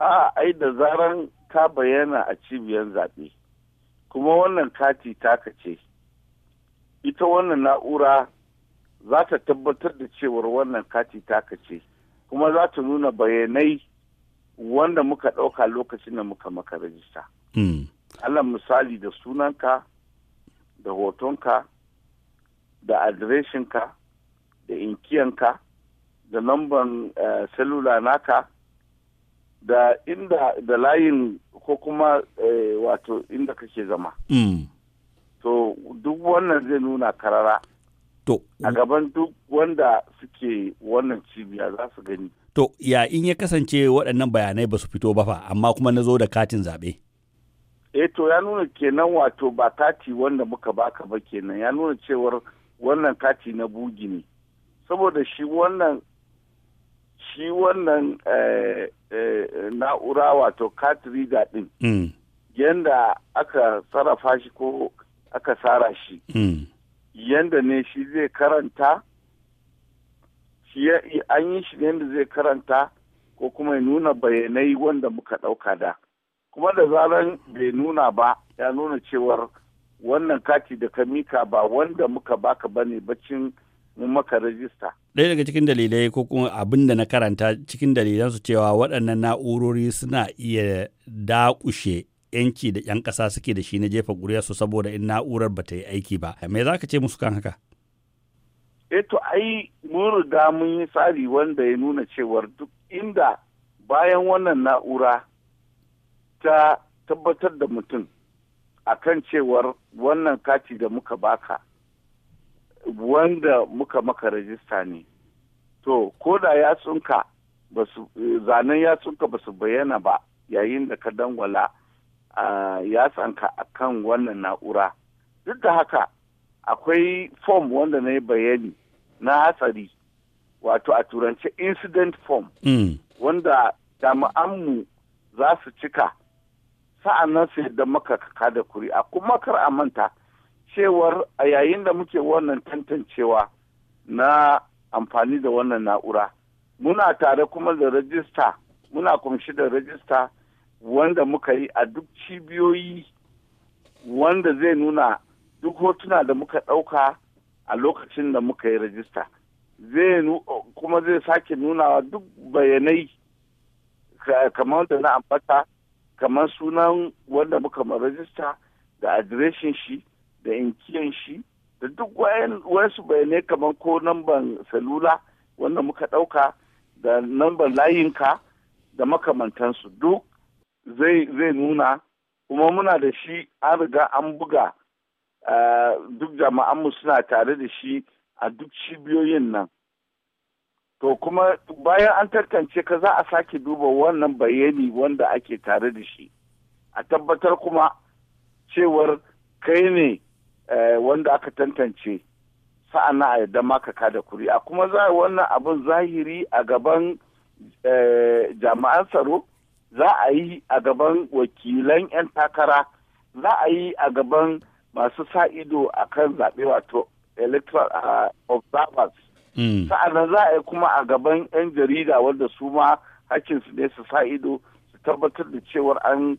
a ai da zaran ka bayyana a cibiyar zaɓe kuma wannan kati taka ce ita wannan na'ura za ta tabbatar da cewar wannan kati taka ce kuma za ta nuna bayanai wanda muka ɗauka lokacin da muka maka rajista. Hmm. Allah misali da sunanka da hotonka da adireshinka da inkiyanka da lamban uh, eh, selula naka da inda da layin ko kuma eh, wato inda kake zama mm. to duk wannan zai nuna karara to a gaban duk wanda suke wannan cibiya za su gani to ya in ya kasance waɗannan bayanai ba su fito ba fa amma kuma na zo da katin zaɓe eh to ya nuna kenan wato ba kati wanda muka baka ba kenan ya nuna cewar wannan kati na bugi ne saboda shi wannan shi wannan eh, eh, na'ura wato card riga din mm. yadda aka sarrafa shi ko aka tsara shi mm. yadda ne shi zai karanta shi an yi shi yadda zai karanta ko kuma ya nuna bayanai wanda muka ɗauka da kuma da zaran bai nuna ba ya nuna cewar wannan kati da ka mika ba wanda muka baka bane bacin mun maka rajista. Ɗaya daga cikin dalilai ko kuma abin da na karanta cikin dalilan su cewa waɗannan na'urori suna iya daƙushe yanki da 'yan ƙasa suke da shi na jefa su saboda in na'urar ba ta yi aiki ba. Me za ka ce musu kan haka? Eto eh ai mun riga mun yi tsari wanda ya nuna cewar duk inda bayan wannan na'ura ta tabbatar da mutum akan cewar wannan kati da muka baka wanda muka maka rajista ne to ko da yatsunka zanen yatsunka ba su bayyana ba yayin da ka dangwala yatsanka a kan wannan na'ura duk da haka akwai fom wanda na yi bayani na hatsari wato a turance incident form Wanda mm. wanda jami'anmu za su cika sa'an nan su yadda maka kada kuri'a kuma kar a manta cewar a yayin da muke wannan tantancewa na amfani da wannan na'ura muna tare kuma da rajista muna kumshi da rajista wanda muka yi a duk cibiyoyi wanda zai nuna duk hotuna da muka ɗauka a lokacin da muka yi rajista zai kuma zai sake nunawa duk bayanai kamar da na ambata kamar sunan wanda muka rajista da adireshin shi da inkiyan shi da duk wasu bayanai kamar ko namban salula wanda muka ɗauka da namban layinka da makamantansu duk zai nuna kuma muna da shi an riga an buga eh, duk jama'anmu suna tare da shi a duk cibiyoyin nan to kuma bayan an tantance ka za a sake duba wannan bayani wanda ake tare da shi a tabbatar kuma cewar kai ne Eh, wanda aka tantance sa'an na a yadda maka kada kuri'a kuma za a wannan abin zahiri a gaban eh, jami'an tsaro za a yi a gaban wakilan 'yan takara za a yi a gaban masu sa ido a kan zaɓe wato electoral ah, observers hmm. na za a yi kuma a gaban 'yan jarida wanda su ma hakkinsu ne su sa ido su tabbatar da cewar an